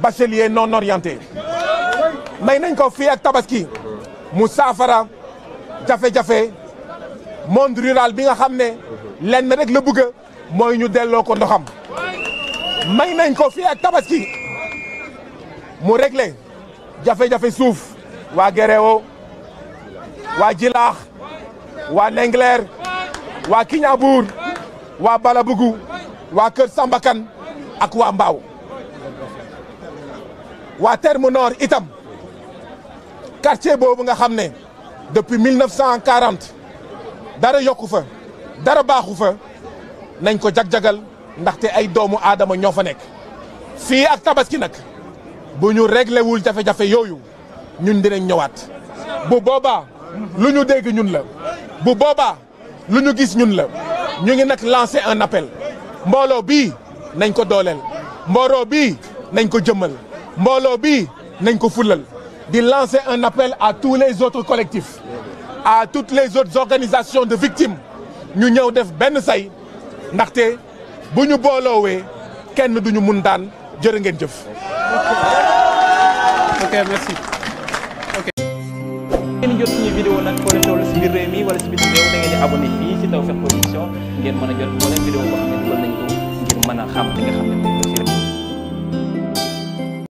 bachelier non orienté may nañ ko fii ak tabaski mu saafara jafe-jafe monde rural bi nga xam ne lenn rek la bëgg mooy ñu delloo ko ndoxam may nañ ko fii ak tabaski mu réglé jafe-jafe suuf waa Guéréo waa Jilaax waa Ndengler waa Kiñaabuur waa Balabugu waa Kër Sambakan ak waa Mbaaw waa Terme Nord itam quartier boobu nga xam ne depuis 1940 dara yokku fa dara baaxu fa nañ ko jag-jagal ndaxte ay doomu aadama ñoo fa nekk fii ak tabaski nag bu ñu reglewul wul jafe-jafe yooyu ñun dinañ ñëwaat bu boobaa lu ñu dégg ñun la bu boobaa lu ñu gis ñun la ñu ngi nag lancer un appel mbooloo bii nañ ko dooleel mbooloo bii nañ ko jëmmal mbooloo bi nañ ko fulal di lancer un appel à tous les autres collectifs à toutes les autres organisations de victimes ñu ñëw def benn say ndaxte bu ñu booloowee kenn du ñu mun daan jërë ngeen jëf. ok merci. si a jot moo leen vidéo mën a